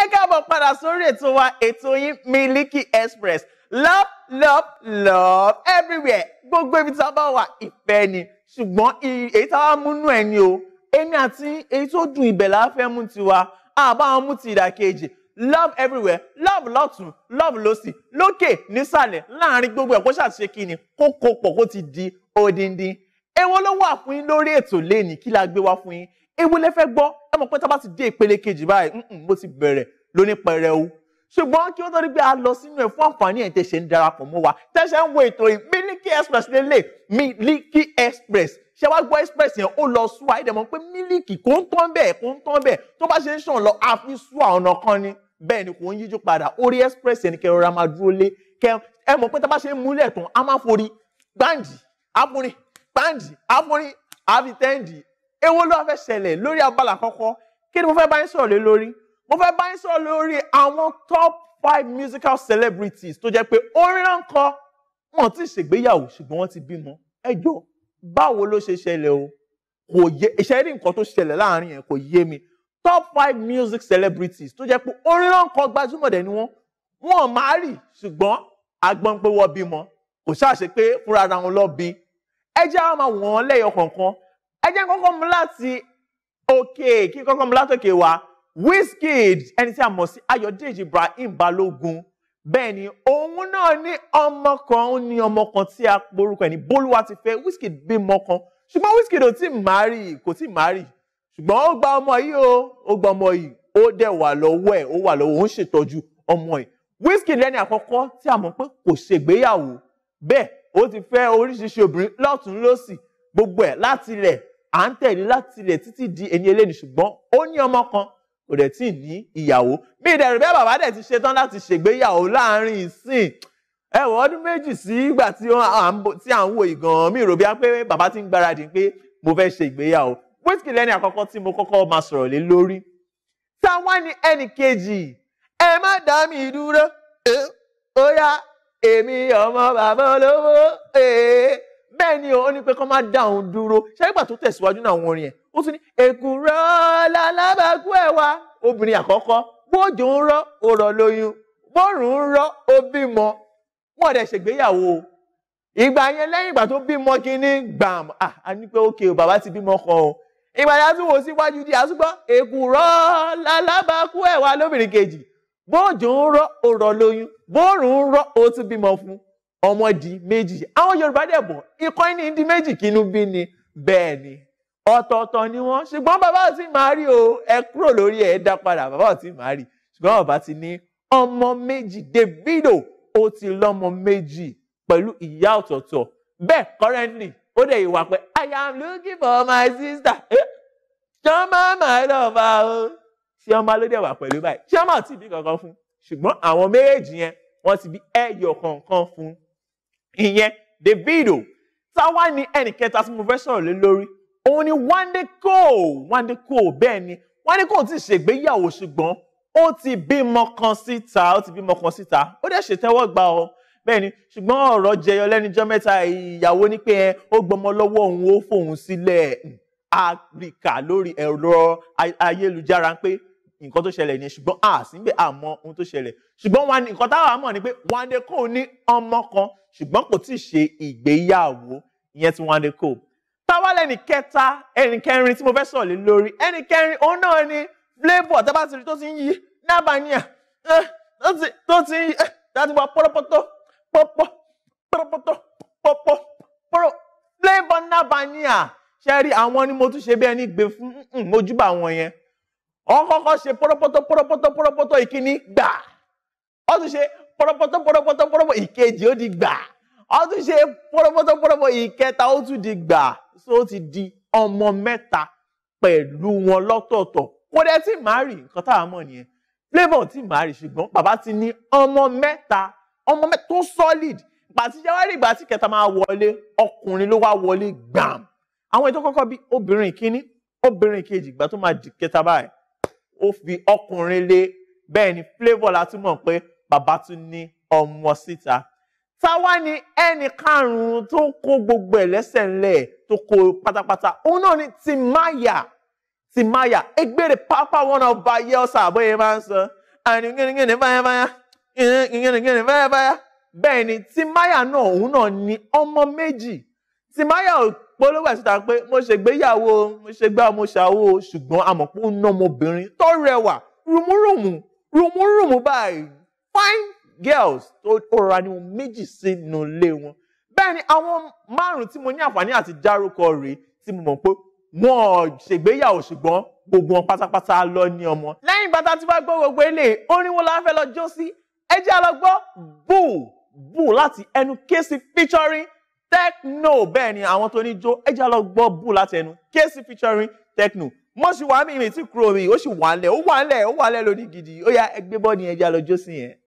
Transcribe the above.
ẹ káàbọ̀ padà sórí ètò wa ètò yín Miliki Express love love love everywhere gbogbo ibi tá a bá wà ìfẹ́ ni ṣùgbọ́n èyí tá a múnú ẹ̀ ni o èmi àti èyí tó dùn ibẹ̀ la fẹ́ mú tiwa àbá mú ti ìdàkejì love everywhere love lọ́tún love lọ́sì lókè nísàlẹ̀ láàrin gbogbo ẹ̀ kó ṣàṣe kí ni kó kó pọ̀ kó ti di odindin èwo ló wà fún yín lórí ètò lẹ́ni kí la gbé wá fún yín ewu lẹ́fẹ́ gbọ́ ẹ mọ̀ pé tá a bá ti dé ìpele kejì báyìí mo ti bẹ̀rẹ̀ lóní pẹrẹu ṣùgbọ́n kí ó tó rí pé a lọ sínú ẹ̀ fún àǹfààní ẹ̀ tẹ̀ ṣe ń darapọ̀ mọ́ wa tẹ̀ ṣe ń wo ètò yìí Miliki Express lélẹ̀ Miliki Express ṣe wá gbọ́ express yẹn ó lọ sùn àìdẹ̀mọ́ pé mílíkì kò ń tán bẹ́ẹ̀ kò ń tán bẹ́ẹ̀ tó bá ṣe ń ṣàn lọ àfi sùn àwọn ọ̀nà kan ni bẹ́ẹ̀ ni kò ń yíjú padà orí express yẹn ni kẹ́ rọra máa dúró lé kẹ́ ẹ mọ̀ pé tá bá ṣe ń múlẹ̀ tán a máa forí gbáǹdì èwo ló wá fẹ́ ṣẹlẹ̀ lórí abala àkọ́kọ́ kí ni mo fẹ́ bá yín sọ̀rọ̀ lé lórí mo fẹ́ bá yín sọ̀rọ̀ lórí àwọn top five musical celebrities tó jẹ́ pé orin náà ń kọ wọn ti ṣègbéyàwó ṣùgbọ́n wọ́n ti bímọ ẹ jọ̀ọ́ báwo ló ṣe ṣẹlẹ̀ o kò yé ìṣe rí nǹkan tó ṣẹlẹ̀ láàrin yẹn kò yé mi top five music celebrities tó jẹ́ pé orin náà ń kọ gbajúmọ̀ dẹ̀ ni wọ́n wọn máa rì ṣùgbọ́n agbọ́n pé wọ́n bímọ kò ṣáà ṣe pé fúnra ara wọn lọ bí ẹ jẹ́ àwọn máa wọ̀n lẹ́yọ kọ̀ọ̀kan ẹ jẹ́ kọ́kọ́ mú láti òkè kí kọ́kọ́ mú látòkè wá Wizkid ẹni tí a mọ̀ sí Ayọ̀dèjì Ibrahim Balógun bẹ́ẹ̀ ni òun náà ní ọmọ kan ó ní ọmọ kan tí a porúkọ ẹ̀ ní Bólúwatifẹ́ Wizkid bímọ kan ṣùgbọ́n Wizkid ò tí màárì kò tí màárì ṣùgbọ́n ó gba ọmọ yìí o ó gba ọmọ yìí ó dẹ̀ wà lọ́wọ́ ẹ̀ ó wà lọ́wọ́ òun ṣètọ́jú ọmọ ẹ̀ Wizkid lẹ́ni àkọ́kọ́ tí a mọ̀ pé kò ṣègbéyàwó bẹ́ẹ̀ ó ti fẹ́ oríṣiríṣi obìnrin lọ́tún lọ́sì gbogbo ẹ̀ láti ilẹ̀ à ń tẹ̀lé láti rẹ̀ títí di ẹni eléyìí ṣùgbọ́n ó ní ọmọ kan kò dẹ̀ tí ì ní ìyàwó bí ìdẹ̀rù bẹ́ẹ̀ bàbá dẹ̀ ti ṣetán láti ṣègbéyàwó láàárín ìsìn ẹwọ ọdún méjì sí ìgbà tí à ń wo ìgàn mi rò bí a pé bàbá ti ń gbáradì pé mo fẹ́ ṣe ìgbéyàwó Wizkid lẹ́ni àkọ́kọ́ tí mo kọ́kọ́ máa sọ̀rọ̀ lé lórí táwa ni ẹnì kejì ẹ má dá mi dúró ó yá èmi ọmọ bàbá olówó ee iṣẹ́ ẹni ó ní pé kó má dá òun dúró ṣẹ́gbà tó tẹ̀síwájú náà àwọn orin ẹ̀ ó tún ní èkùrọ́ lálábàákú ẹ̀ wá obìnrin àkọ́kọ́ bójú ń rọ́ òrọ̀ lóyún bọ́ọ̀rù ń rọ́ ó bímọ wọ́n dẹ̀ ṣègbéyàwó ìgbà yẹn lẹ́yìn ìgbà tó bímọ kínní gbàm à ní pé ókè bàbá ti bímọ kan o ìgbà yẹn tún wò síwájú di àtúgbọ́ èkùrọ́ lálábàákú ẹ̀ wá lóbìnrin kejì bójú ń rọ́ òrọ̀ lóyún bọ́ọ̀rù ń rọ́ ó tún bímọ fún ọmọ di méjì àwọn yorùbá dẹ̀ bọ̀ ikọ́ ní di méjì kínú bí ni bẹ́ẹ̀ ni ọ̀tọ̀ọ̀tọ̀ ni wọ́n ṣùgbọ́n bàbá ò tí máa rí o ẹ kúrò lórí ẹ̀ dá padà bàbá ò tí máa rí ṣùgbọ́n bàbá ti ní ọmọ méjì Davido ó ti lọ́mọ méjì pẹ̀lú ìyá ọ̀tọ̀ọ̀tọ̀ bẹ́ẹ̀ currently ó dẹ̀ ìwà pé I am looking for my sister ṣọmọ my lover o ṣé ọmọ ló dẹ̀ wà pẹ̀lú báyìí ṣé ọmọ ò tí bí kankan fún ṣùgbọ́n àwọn méjèèjì yẹn wọ́n ti bí ẹyọ kankan fún ìyẹn Davido táwa ni ẹnì kẹta tí mo fẹ́ sọ̀rọ̀ lé lórí òun ni Wande Cole Wande Cole bẹ́ẹ̀ ni Wande Cole ti ṣègbéyàwó ṣùgbọ́n ó ti bímọ kan síta ó ti bímọ kan síta ó dẹ̀ ṣètẹ́wọ́ gbà ọ́ bẹ́ẹ̀ ni ṣùgbọ́n ọ̀rọ̀ jẹyọ lẹ́nijọ́ mẹ́ta ìyàwó ní pé ó gbọmọ lọ́wọ́ òun ó fòun sílẹ̀ hmm. Áfíríkà lórí ẹ̀rọ ayélujára pé nǹkan tó ṣẹlẹ̀ ni ṣùgbọ́n a sì ń bẹ̀ àmọ́ ohun tó ṣẹlẹ̀ ṣùgbọ́n wọn nǹkan táwa mọ̀ ni pé Wande Coal ní ọmọ kan ṣùgbọ́n kò tí ì ṣe ìgbéyàwó ìyẹn ti Wande Coal. táwa lẹ́ni kẹta ẹni kẹrin tí mo fẹ́ sọ̀rọ̀ lé lórí ẹni kẹrin òun náà ni Flavour tá bá ti rí tó ti ń yí nábàáníà eh, tó ti ń yí láti eh, wá pọ́lọ́pọ́tọ́ pọ́pọ́ pọ́lọ́pọ́tọ́ pọ́pọ́ pọ́lọ́ Flavour nábàáníà ṣẹ́rí àwọn ni mo tún ṣe bẹ́ẹ̀ ní gbé fún mojúbà wọn yẹn ọ̀kọ́kọ́ ṣe pọ́rọ́pọ́tọ́ pọ́rọ́pọ́tọ́ pọ́rọ́pọ́tọ́ ìkíní gbà ó tún ṣe pọ́rọ́pọ́tọ́ pọ́rọ́pọ́tọ́ pọ́rọ́pọ́ ìkejì ó di gbà ó tún ṣe pọ́rọ́pọ́tọ́ pọ́rọ́pọ́ ìkẹta ó tún di gbà so ó ti di ọmọ mẹ́ta pẹ̀lú wọn lọ́tọ̀ọ̀tọ̀ kó dẹ́ tí màá rí nǹkan tá a mọ̀ nìyẹn flavour tí màá rí ṣùgbọ́n bàbá ti ní ọmọ mẹ́ta ọmọ mẹ́ta tó solid ìgbà tí jẹ́wárí ìgbà tí kẹta máa wọlé ọkùnrin ló wá wọlé gbàm àwọn ètò kọ́kọ́ bí obìnrin kínní obìnrin kejì ìgbà tó máa di kẹta báyìí ó fi ọkùnrin lé bẹ́ẹ̀ ni flavour la tún mọ̀ pé bàbá tún ní ọmọ síta táwa ni ẹnì karùnún tó kó gbogbo ẹ̀ lẹ́sẹ̀ ńlẹ̀ tó kó e pátápátá òun náà ni Timaya Timaya egbèrè pápá wọn náà bá yẹ ọsà àbọyẹ máa ń sọ àní gínígíní báyà báyà gínígíní báyà báyà bẹ́ẹ̀ ni Timaya náà òun náà ni ọmọ méjì Timaya ò polówó ẹ̀ síta pé mo ṣègbéyàwó mo ṣègbà mo ṣàwó ṣùgbọ́n àmọ̀pọ̀ ná ọmọbìnrin tó rẹwà rùmúrùmù rùmúrùmù báyìí fine girls tó rọra ní wọn méjì sínú ilé wọn bẹ́ẹ̀ ni àwọn márùn-ún tí mo ní àǹfààní àti dárúkọ rèé tí mo mọ̀ pé wọn ò ṣègbéyàwó ṣùgbọ́n gbogbo wọn pátápátá lọ ní ọmọ. lẹ́yìn bàtà tí wọ́n gbọ́ gbogbo eléyìí orin wo la fẹ́ lọ jó sí ẹ jẹ́ a lọ gbọ́ bù bù láti ẹnu Kcee featuring Techno, bẹ́ẹ̀ ni àwọn tó ní jó ẹja lọ gbọ́ bù látẹnu kéésì featuring Techno. mo sì wà mí mi tí kúrò mi ó sì wà ń lẹ̀ ó wà ń lẹ̀ ó wà ń lẹ̀ lónìí gidi ó yá ẹgbẹ́ bọ́ọ̀dì ẹja lọ jó sí yẹn.